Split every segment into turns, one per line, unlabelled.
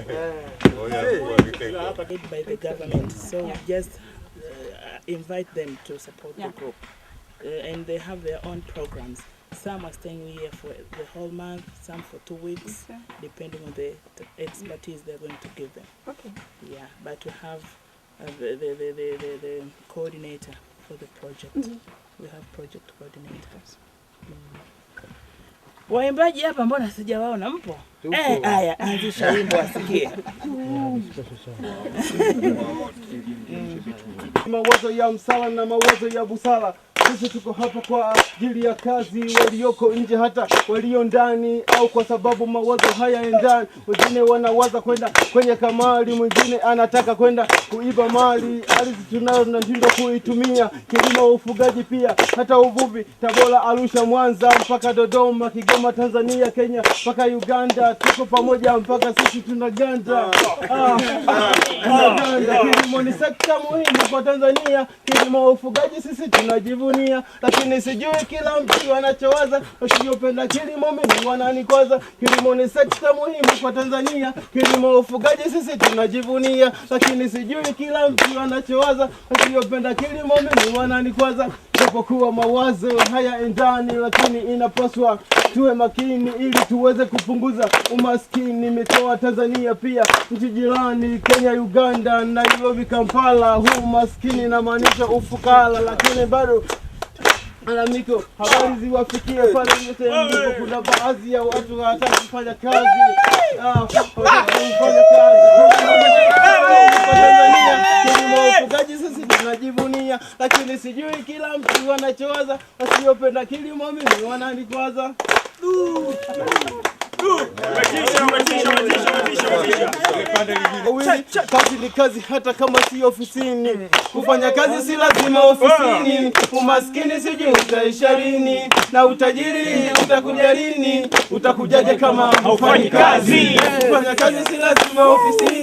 Oh, by the government. So just uh, invite them to support yeah. the group. Uh, and they have their own programs. Some are staying here for the whole month, some for two weeks, okay. depending on the, the expertise they're going to give them. Okay. Yeah, but we have uh, the, the, the, the, the coordinator for the project. Mm -hmm. We have project coordinators. Mm.
Waimbaji hapa mbona sijawaona mpo? Eh, haya, anzisha wimbo asikie.
Mawazo ya msala na mawazo ya busala sisi tuko hapa kwa ajili ya kazi, walioko nje hata walio ndani, au kwa sababu mawazo haya ndani. Wengine wanawaza kwenda kwenye kamari, mwingine anataka kwenda kuiba mali. Ardhi tunayo tunashindwa kuitumia, kilimo, ufugaji, pia hata uvuvi. Tabora, Arusha, Mwanza mpaka Dodoma, Kigoma, Tanzania, Kenya mpaka Uganda, tuko pamoja mpaka sisi tunaganda. Ah, ah, kilimo ni sekta muhimu kwa Tanzania, kilimo, ufugaji, sisi tunajivuna kutumia, lakini sijui kila mtu anachowaza. Wasiopenda kilimo mimi wananikwaza. Kilimo ni sekta muhimu kwa Tanzania, kilimo ufugaji sisi tunajivunia, lakini sijui kila mtu anachowaza. Wasiopenda kilimo mimi wananikwaza japokuwa mawazo haya endani, lakini inapaswa tuwe makini ili tuweze kupunguza umaskini mikoa Tanzania, pia nchi jirani Kenya, Uganda, Nairobi, Kampala. Huu maskini inamaanisha ufukara, lakini bado Alamiko habari ziwafikie pale sehemu. Kuna baadhi ya watu hawataka kufanya kazi, ufugaji sisi tunajivunia, lakini sijui kila mtu anachowaza, asiyopenda kilimo mimi wananikwaza. Ah, kazi ni kazi, hata kama si ofisini. Eh. Kufanya kazi si lazima ofisini. Eh. Umaskini sijui utaisha lini, na utajiri utakuja lini? Utakujaje kama haufanyi kazi? Kufanya kazi si lazima ofisini.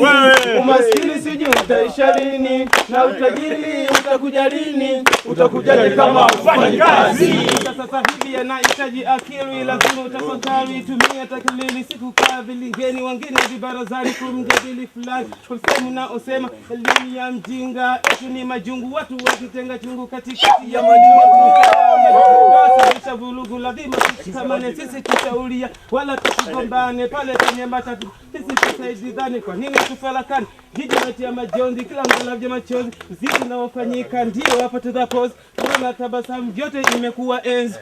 Umaskini sijui utaisha lini, na utajiri utakuja lini? utakujaje kama ufanyi kazi? Sasa hivi yanahitaji akili, lazima utafakari. Tumia taklili, siku kaa vilingeni, wengine vibarazani kumjadili fulani, usemu na usema elimu ya mjinga etu ni majungu, watu wakitenga chungu katikati ya majungu vurugu. Lazima tushikamane sisi, tushauria wala tusigombane pale penye matatu, sisi tusaidizane. Kwa nini tufarakane? Jiji letu majonzi, kila mtu machozi, zidi naofanyika ndio wapatadhapo because na tabasamu vyote imekuwa enzi,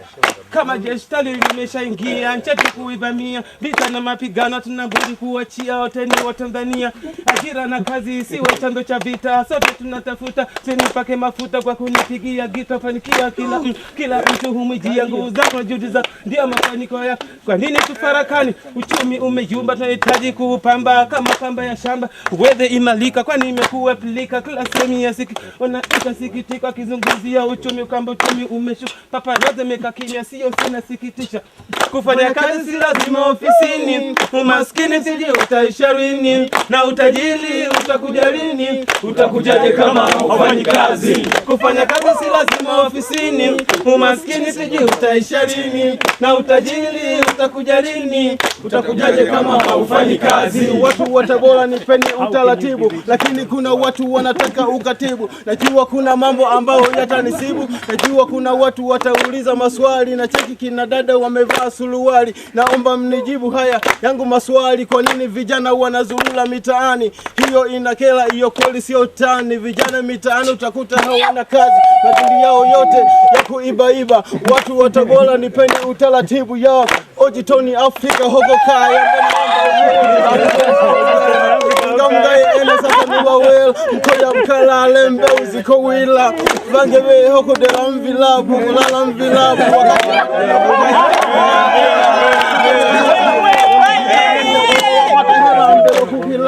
kama jeshi tali limeshaingia nchati kuivamia, vita na mapigano tunabudi kuachia wote ni Tanzania Ajira na kazi isiwe chanzo cha vita, sote tunatafuta cheni pake mafuta kwa kunipigia gita, fanikiwa kila kila mtu humwijia nguvu zako na juhudi zako ndio mafanikio yako. Kwa nini tufarakani? Uchumi umeyumba, tunahitaji kuupamba kama kamba ya shamba uweze imalika, kwani imekuwa pilika kila sehemu ya siki, wanaita sikitika kizunguzi kuzungumzia uchumi kwamba uchumi umeshu papa yote meka kimya, sio sinasikitisha. Kufanya kazi si lazima ofisini, umaskini sije utaisha lini, na utajiri utakuja lini? Utakujaje kama ufanyi kazi? Kufanya kazi si lazima ofisini, umaskini sije utaisha lini, na utajiri utakuja lini? Utakujaje kama haufanyi kazi? Watu wa Tabora, peni utaratibu, lakini kuna watu wanataka ukatibu. Najua kuna mambo ambayo yatanisibu, najua kuna watu watauliza maswali. Na cheki kina dada wamevaa suruali, naomba mnijibu haya yangu maswali. Kwa nini vijana wanazurura mitaani? Hiyo inakela, hiyo kweli sio tani. Vijana mitaani utakuta hawana kazi, madili yao yote ya kuibaiba. Watu wa Tabora, peni utaratibu yao jitoni Afrika huko kaya ngamgaye mkoya mkalale mbeu ziko wila vange veye hoko mvilabu kulala mvilabu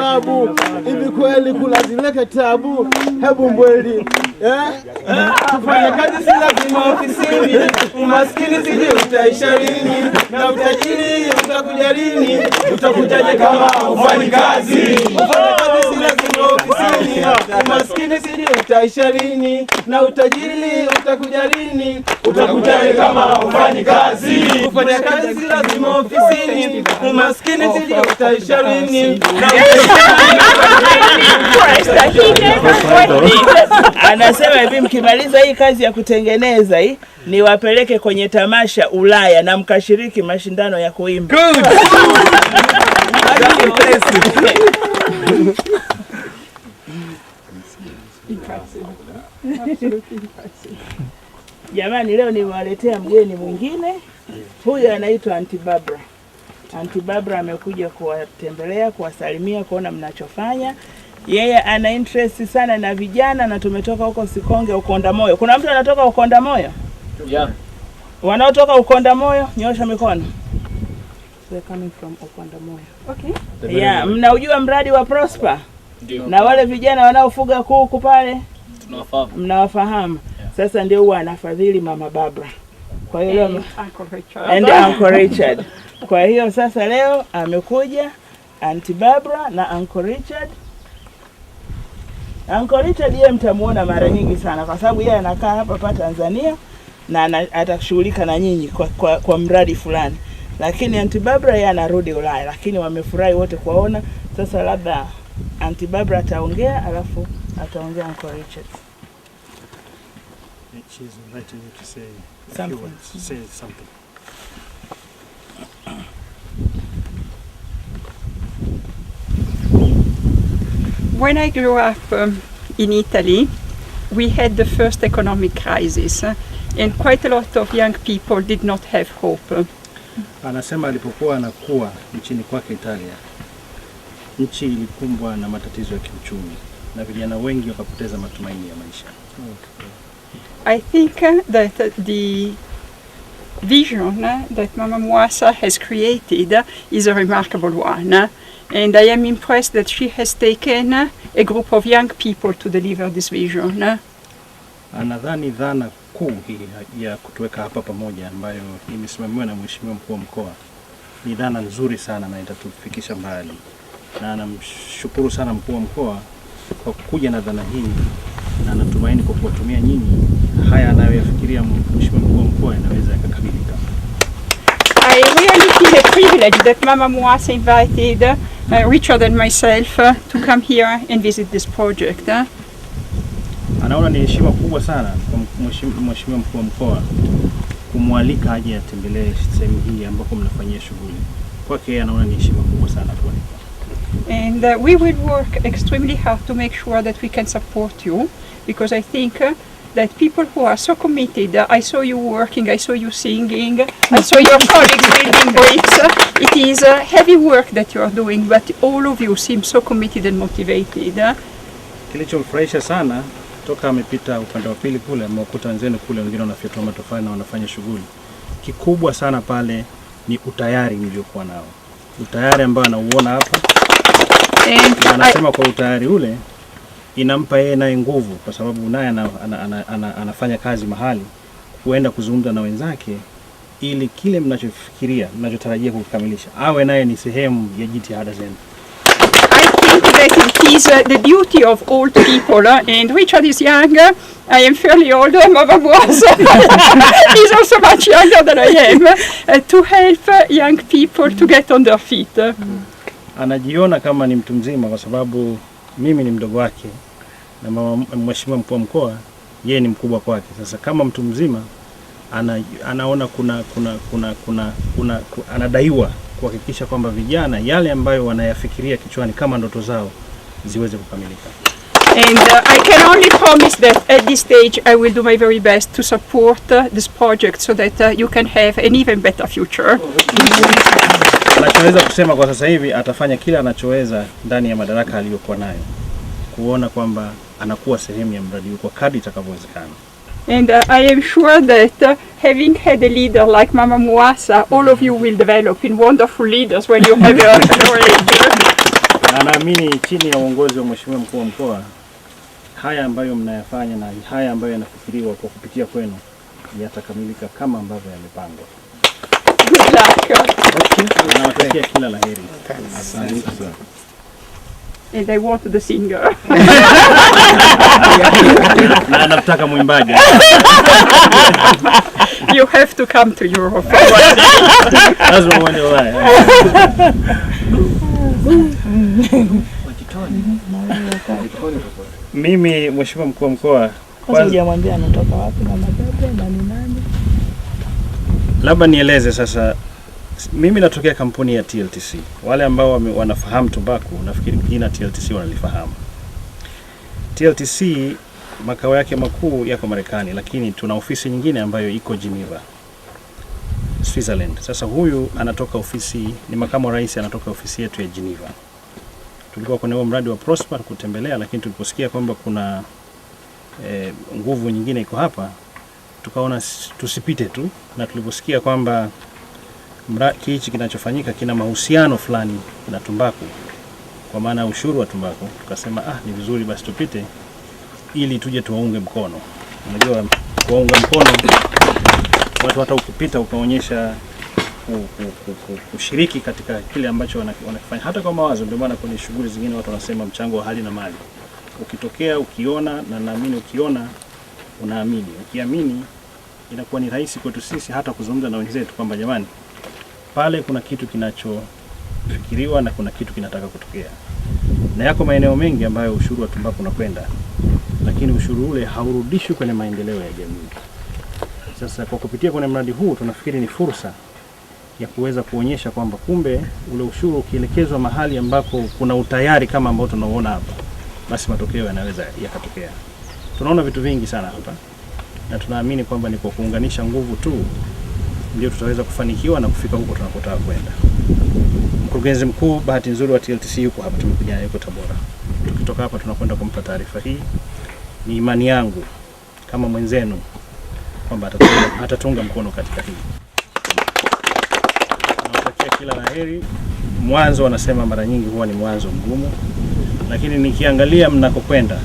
sababu hivi kweli, kulazimika tabu. Hebu mbweli kufanya eh? kazi si lazima ofisini. Umaskini sije utaisha lini, na utajiri utakuja lini? Utakujaje kama ufanya kazi lazima ofisini, umaskini sijui utaisha lini, na utajiri utakuja lini? Utakujali kama ufanyi kazi. Kufanya kazi lazima ofisini, umaskini sijui utaisha lini
Anasema hivi, mkimaliza hii kazi ya kutengeneza hii niwapeleke kwenye tamasha Ulaya na mkashiriki mashindano ya kuimba. Good. Jamani, leo nimewaletea mgeni mwingine, huyu anaitwa Aunti Barbara. Aunti Barbara amekuja kuwatembelea, kuwasalimia, kuona mnachofanya. Yeye ana interest sana na vijana, na tumetoka huko Sikonge, Ukonda Moyo. Kuna mtu anatoka Ukonda Moyo? Yeah. Wanaotoka Ukonda Moyo nyosha mikono.
Coming from Ukonda Moyo.
Okay. Yeah, mnaujua mradi wa Prosper? Na wale vijana wanaofuga kuku pale tunawafahamu, mnawafahamu yeah. Sasa ndio huwa anafadhili mama Barbara,
kwa hiyo and,
and Uncle Richard kwa hiyo sasa leo amekuja Aunt Barbara na Uncle Richard. Uncle Richard yeye mtamuona mara nyingi sana kwa sababu yeye anakaa hapa pa Tanzania na atashughulika na nyinyi kwa, kwa, kwa mradi fulani, lakini Aunt Barbara yeye anarudi Ulaya, lakini wamefurahi wote kuwaona. Sasa labda Aunt Barbara ataongea alafu ataongea Uncle Richard.
She's inviting you to say something. Words, say something.
When I grew up um, in Italy, we had the first economic crisis uh, and quite a lot of young people did not have hope.
Anasema alipokuwa anakuwa nchini kwake Italia, nchi ilikumbwa na matatizo ya kiuchumi. na vijana wengi wakapoteza matumaini ya maisha.
I think uh, that uh, the vision uh, that Mama Mwasa has created is a remarkable one. And I am impressed that she has taken a group of young people to deliver this vision.
Anadhani dhana kuu hii ya kutuweka hapa pamoja ambayo imesimamiwa na Mheshimiwa Mkuu wa Mkoa ni dhana nzuri sana na itatufikisha mbali, na namshukuru sana Mkuu wa Mkoa kwa kuja na dhana hii, na natumaini kwa kuwatumia nyinyi haya anayoyafikiria mheshimiwa mkuu wa mkoa yanaweza yakakamilika
I really feel a privilege that Mama Mwasa invited uh, Richard and myself uh, to come here and visit this project. Uh.
Anaona ni heshima kubwa sana kwa mheshimiwa mkuu wa mkoa kumwalika aje atembelee sehemu hii ambapo mnafanyia shughuli. Kwake anaona ni heshima kubwa sana kualika.
and uh, we will work extremely hard to make sure that we can support you because I think uh, that people who are so committed, uh, I saw you working, I saw you singing, I saw your colleagues building bricks. Uh, it is uh, heavy work that you are doing, but all of you seem so committed and motivated. Uh.
Kilichomfurahisha sana toka amepita upande wa pili kule, amekuta wenzenu kule, wengine wanafyatua matofali na wanafanya shughuli. Kikubwa sana pale ni utayari niliokuwa nao. utayari ambao anauona hapa, anasema kwa utayari ule inampa yeye naye nguvu, kwa sababu naye ana, ana, ana, ana, anafanya kazi mahali, huenda kuzungumza na wenzake ili kile mnachofikiria mnachotarajia kukamilisha awe naye ni sehemu ya jitihada zenu
that it is uh, the duty of old people, uh, and Richard is young. uh, I am fairly old, uh, Mama was. He's also much younger than I am, uh, to help uh, young people to get on their feet. Mm.
Anajiona kama ni mtu mzima kwa sababu mimi ni mdogo wake na mama mheshimiwa mkuu wa mkoa yeye ni mkubwa kwake. Sasa kama mtu mzima ana, anaona kuna, kuna, kuna, kuna, kuna, kuna anadaiwa kuhakikisha kwamba vijana yale ambayo wanayafikiria kichwani kama ndoto zao ziweze kukamilika.
And uh, I can only promise that at this stage I will do my very best to support uh, this project so that uh, you can have an even better future.
Anachoweza kusema kwa sasa hivi atafanya kila anachoweza ndani ya madaraka aliyokuwa nayo kuona kwamba anakuwa sehemu ya mradi huu kwa kadri itakavyowezekana.
And uh, I am sure that uh, having had a leader like Mama Muasa, all of you will develop in wonderful leaders when you have your,
na naamini chini ya uongozi wa Mheshimiwa Mkuu wa Mkoa, haya ambayo mnayafanya na haya ambayo yanafikiriwa kwa kupitia kwenu yatakamilika kama ambavyo yamepangwa. Nawatakia kila la heri. Asante sana.
I want the singer.
Na anataka mwimbaji.
You have to come to Europe. Lazima uende Ulaya.
Mimi Mheshimiwa Mkuu wa Mkoa, labda nieleze sasa mimi natokea kampuni ya TLTC. Wale ambao wanafahamu tumbaku, nafikiri jina TLTC wanalifahamu. TLTC makao yake makuu yako Marekani, lakini tuna ofisi nyingine ambayo iko Geneva, Switzerland. Sasa huyu anatoka ofisi, ni makamu wa rais, anatoka ofisi yetu ya Geneva. Tulikuwa kwenye huo mradi wa Prosper kutembelea, lakini tuliposikia kwamba kuna e, nguvu nyingine iko hapa, tukaona tusipite tu, na tuliposikia kwamba hichi kinachofanyika kina mahusiano fulani na tumbaku, kwa maana ya ushuru wa tumbaku. Tukasema ah, ni vizuri basi tupite ili tuje tuwaunge mkono. Unajua, kuwaunga mkono watu, hata ukipita ukaonyesha kushiriki katika kile ambacho wanakifanya hata kwa mawazo. Ndio maana kwenye shughuli zingine watu wanasema mchango wa hali na mali. Ukitokea ukiona, na naamini ukiona unaamini, ukiamini inakuwa ni rahisi kwetu sisi hata kuzungumza na wenzetu kwamba jamani pale kuna kitu kinachofikiriwa na kuna kitu kinataka kutokea, na yako maeneo mengi ambayo ushuru wa tumbaku unakwenda, lakini ushuru ule haurudishwi kwenye maendeleo ya jamii. Sasa kwa kupitia kwenye mradi huu tunafikiri ni fursa ya kuweza kuonyesha kwamba kumbe ule ushuru ukielekezwa mahali ambako kuna utayari kama ambao tunauona hapa, basi matokeo yanaweza yakatokea. Tunaona vitu vingi sana hapa na tunaamini kwamba ni kwa kuunganisha nguvu tu ndio tutaweza kufanikiwa na kufika huko tunakotaka kwenda. Mkurugenzi mkuu bahati nzuri wa TLTC yuko hapa, tumekuja naye yuko Tabora. Tukitoka hapa tunakwenda kumpa taarifa hii. Ni imani yangu kama mwenzenu kwamba atatunga, atatunga mkono katika hii. Tunatakia kila laheri. Mwanzo wanasema mara nyingi huwa ni mwanzo mgumu, lakini nikiangalia mnakokwenda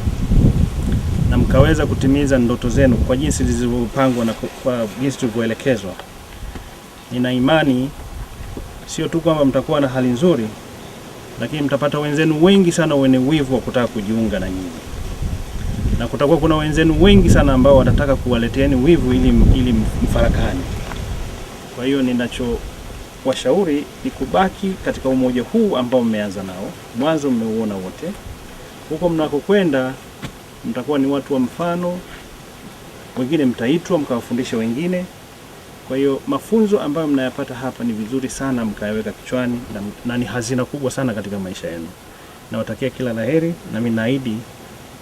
na mkaweza kutimiza ndoto zenu kwa jinsi zilivyopangwa na kwa jinsi tulivyoelekezwa nina imani sio tu kwamba mtakuwa na hali nzuri, lakini mtapata wenzenu wengi sana wenye wivu wa kutaka kujiunga na nyinyi, na kutakuwa kuna wenzenu wengi sana ambao watataka kuwaleteeni wivu ili, ili mfarakani. Kwa hiyo ninacho washauri ni kubaki katika umoja huu ambao mmeanza nao, mwanzo mmeuona wote. Huko mnakokwenda mtakuwa ni watu wa mfano, wengine mtaitwa mkawafundisha wengine. Kwa hiyo mafunzo ambayo mnayapata hapa ni vizuri sana mkayaweka kichwani na, na ni hazina kubwa sana katika maisha yenu. Nawatakia kila laheri na nami naahidi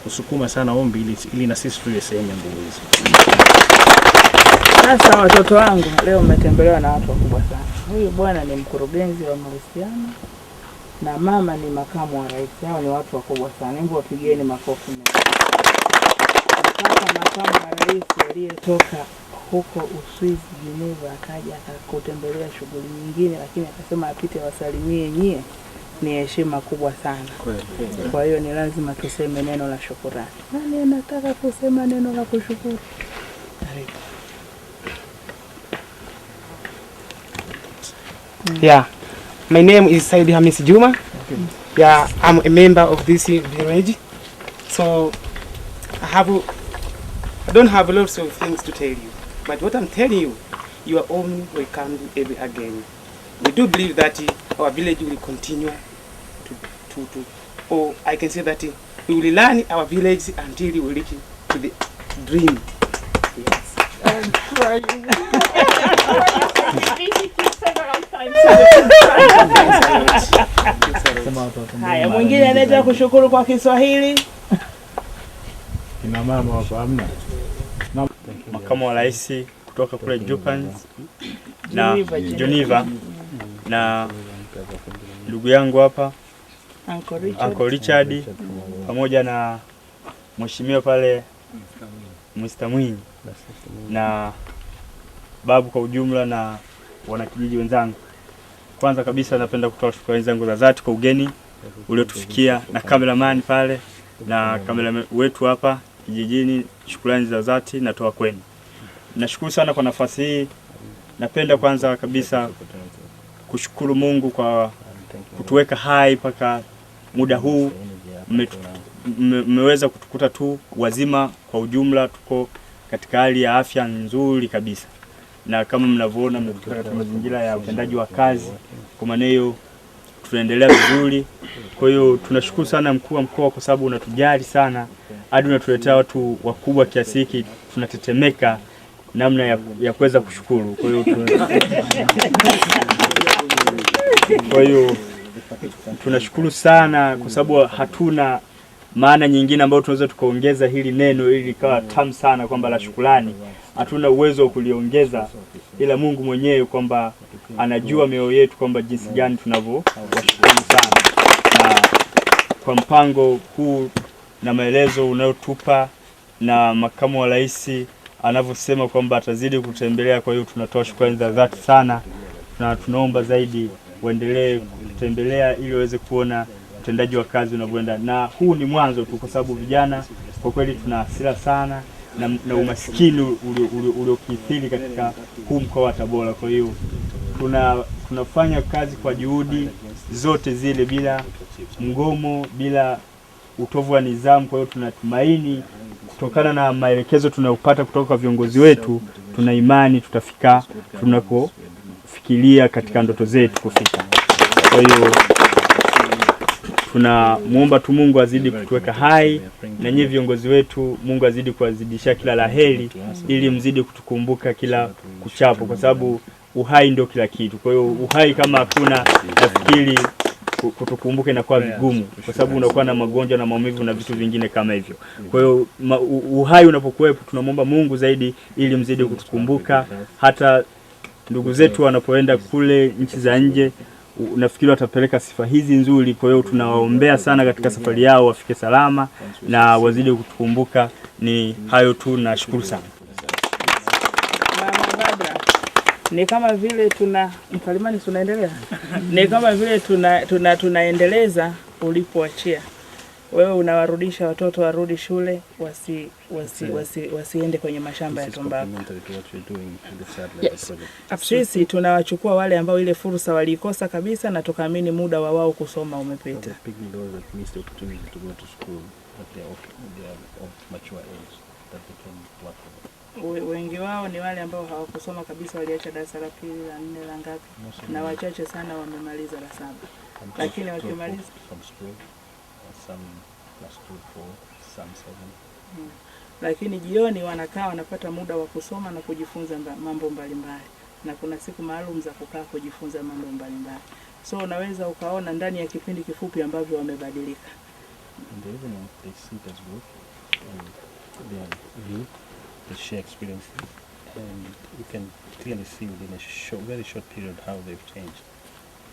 kusukuma sana ombi ili, ili na sisi tuwe sehemu ya nguvu hizo.
Sasa watoto wangu, leo mmetembelewa na watu wakubwa sana. Huyu bwana ni mkurugenzi wa mahusiano na mama ni makamu wa rais. Hao ni watu wakubwa sana, hivyo wapigieni makofi. Sasa makamu wa rais aliyetoka huko Uswizi Geneva, akaja akakutembelea shughuli nyingine, lakini akasema apite wasalimie nyie, ni heshima kubwa sana. Kwa hiyo ni lazima tuseme neno la shukurani. Nani anataka kusema neno la kushukuru?
Yeah. My name is Said Hamis Juma. Okay. Yeah, I'm a member of this village. So I have I don't have lots of things to tell you. But what I'm telling you, you are only welcome every again. We do believe that our village will continue to, to, to or I can say that we will learn our village until we reach to the dream.
Yes. I'm crying.
Haya, mwingine anaweza kushukuru kwa Kiswahili. Kina mama
wafahamna makamu wa rais kutoka kule Japan na Geneva na ndugu yangu hapa Uncle Richard pamoja na mheshimiwa pale Mr. Mwinyi na babu kwa ujumla na wanakijiji wenzangu. Kwanza kabisa napenda kutoa shukrani zangu za dhati kwa ugeni uliotufikia na kameramani pale na kamera wetu hapa kijijini. Shukrani za dhati natoa kwenu. Nashukuru sana kwa nafasi hii. Napenda kwanza kabisa kushukuru Mungu kwa kutuweka hai mpaka muda huu, mmeweza kutukuta tu wazima. Kwa ujumla, tuko katika hali ya afya nzuri kabisa, na kama mnavyoona, mmekuta katika mazingira ya utendaji wa kazi kwa maana hiyo tunaendelea vizuri. Kwa hiyo tunashukuru sana mkuu wa mkoa kwa sababu unatujali sana hadi unatuletea watu wakubwa kiasi hiki, tunatetemeka namna ya, ya kuweza kushukuru. Kwa hiyo kwa hiyo tunashukuru sana kwa sababu hatuna maana nyingine ambayo tunaweza tukaongeza hili neno ili likawa mm. tamu sana, kwamba la shukrani. Hatuna uwezo wa kuliongeza ila Mungu mwenyewe, kwamba anajua mioyo yetu kwamba jinsi gani tunavyowashukuru sana, na kwa mpango huu na maelezo unayotupa na makamu wa rais anavyosema kwamba atazidi kutembelea. Kwa hiyo tunatoa shukrani za dhati sana, na tunaomba zaidi waendelee kutembelea ili waweze kuona utendaji wa kazi unavyoenda, na huu ni mwanzo tu, kwa sababu vijana kwa kweli tuna hasira sana na, na umaskini uliokithiri katika huu mkoa wa Tabora. Kwa hiyo tuna tunafanya kazi kwa juhudi zote zile bila mgomo, bila utovu wa nidhamu. Kwa hiyo tunatumaini kutokana na maelekezo tunayopata kutoka kwa viongozi wetu, tuna imani tutafika tunakofikiria katika ndoto zetu kufika. Kwa hiyo Tunamuomba tu Mungu azidi kutuweka hai, na nyie viongozi wetu, Mungu azidi kuwazidishia kila laheri, ili mzidi kutukumbuka kila kuchapo, kwa sababu uhai ndio kila kitu. Kwa hiyo uhai kama hakuna, nafikiri kutukumbuka inakuwa vigumu, kwa sababu unakuwa na magonjwa na maumivu na vitu vingine kama hivyo. Kwa hiyo uhai unapokuwepo, tunamwomba Mungu zaidi ili mzidi kutukumbuka, hata ndugu zetu wanapoenda kule nchi za nje nafikiri watapeleka sifa hizi nzuri. Kwa hiyo tunawaombea sana katika safari yao wafike salama na wazidi kutukumbuka. Ni hayo tu, nashukuru sana
ni kama vile tuna mkalimani tunaendelea, ni kama vile tuna, tuna, tunaendeleza ulipoachia wewe unawarudisha watoto warudi shule wasi, wasi, wasi, wasiende kwenye mashamba
ya tumbaku.
Yes.
Sisi tunawachukua wale ambao ile fursa waliikosa kabisa na tukaamini muda wa wao kusoma umepita. Wengi wao ni wale ambao hawakusoma kabisa, waliacha darasa la pili, la nne, la ngapi, na wachache sana wamemaliza la saba, lakini wakimaliza
some plus two, four, some seven. Hmm.
Lakini jioni wanakaa wanapata muda wa kusoma na kujifunza mba, mambo mbalimbali na kuna siku maalum za kukaa kujifunza mambo mbalimbali, so unaweza ukaona ndani ya kipindi kifupi ambavyo wamebadilika.
And you can clearly see within a short, very short period how they've changed.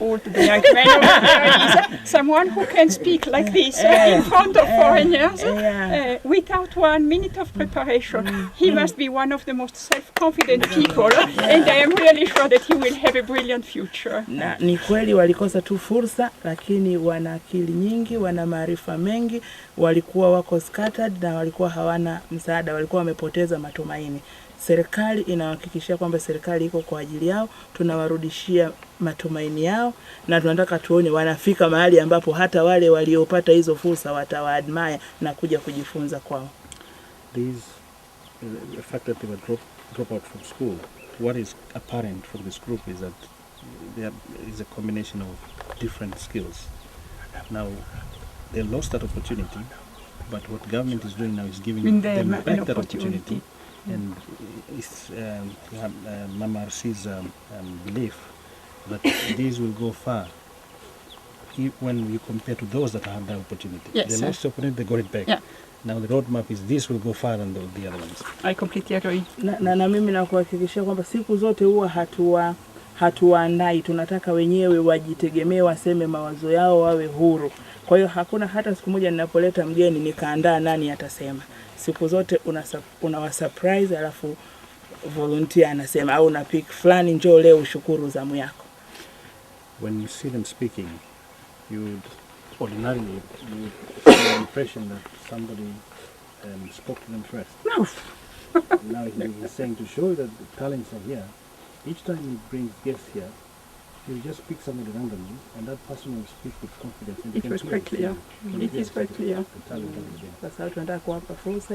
old the young man there is someone who can speak like this uh, in front of uh, foreigners uh, uh, without one minute of preparation. Mm. He mm. must be one of the most self-confident people uh, and I am really sure that he will have a brilliant future.
Na ni kweli walikosa tu fursa, lakini wana akili nyingi, wana maarifa mengi, walikuwa wako scattered na walikuwa hawana msaada, walikuwa wamepoteza matumaini serikali inahakikishia kwamba serikali iko kwa ajili yao, tunawarudishia matumaini yao, na tunataka tuone wanafika mahali ambapo hata wale waliopata hizo fursa watawaadmaya na kuja kujifunza kwao.
Uh, but what government is doing now is giving them back that opportunity and if um, uh, Mama Arsi's um, um, belief that these will go far e, when you compare to those that have the opportunity. Yes, they sir. the opportunity, they got it back. Yeah. Now the roadmap is this will go far than the, the other ones.
I completely agree.
Na, na, na mimi nakuhakikishia kwamba siku zote huwa hatua hatuwaandai, tunataka wenyewe wajitegemee, waseme mawazo yao, wawe huru. Kwa hiyo hakuna hata siku moja ninapoleta mgeni nikaandaa nani atasema siku zote unawa surprise alafu volunteer anasema au una pick fulani, njoo leo ushukuru zamu yako.
When you see them speaking, you would ordinarily you the impression that somebody um, spoke to them first. No. Now he saying to show that the talents are here. Each time he brings guests here, You'll just pick somebody randomly, and that person will speak with confidence.
It was quite clear. It is quite clear.
Sasa tunataka kuwapa fursa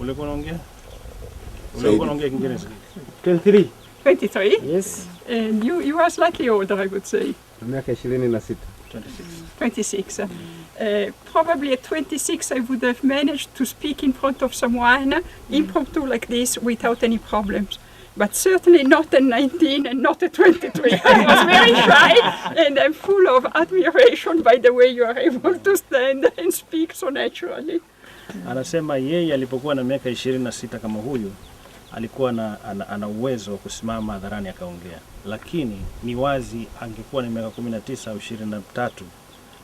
Ule koronge? Ule koronge
23.
23? Yes. And you, you are slightly older, I would say.
Miaka 26.
26. Uh, probably at 26 I would have managed to speak in front of someone impromptu like this without any problems. But certainly not at 19 and not at 23. I was very shy and I'm full of admiration by the way you are able to stand and speak so naturally.
Anasema yeye alipokuwa na miaka ishirini na sita kama huyu alikuwa na, ana, ana uwezo wa kusimama hadharani akaongea, lakini ni wazi angekuwa na miaka kumi na tisa au ishirini na tatu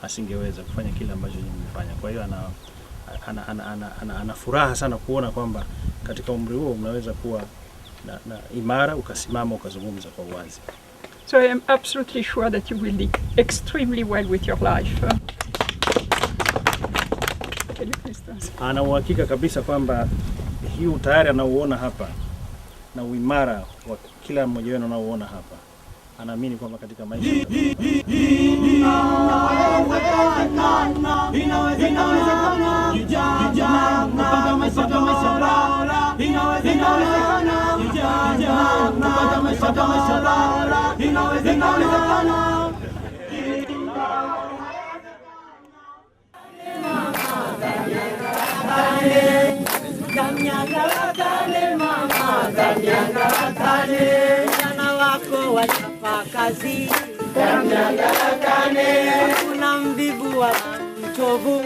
asingeweza kufanya kile ambacho nimefanya. Kwa hiyo ana, ana, ana, ana, ana, ana furaha sana kuona kwamba katika umri huo unaweza kuwa na, na imara ukasimama ukazungumza kwa uwazi.
So I am absolutely sure that you will do extremely well with your life
ana uhakika kabisa kwamba hii utayari anauona hapa na uimara wa kila mmoja wenu anaouona hapa, anaamini kwamba katika maisha tutakane, vijana wako wachapa kazi, kamnyangarakane, kuna mvivu wa mchovu,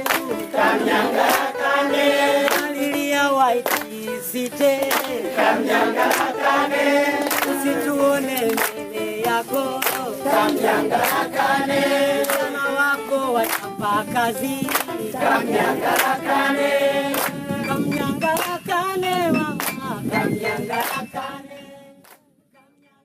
kamnyangarakane, alilia waitisite, kamnyangarakane, usituone mbele yako, kamnyangarakane, vijana wako wachapa kazi, kamnyangarakane, kamnyangarakane mama, kamnyangarakane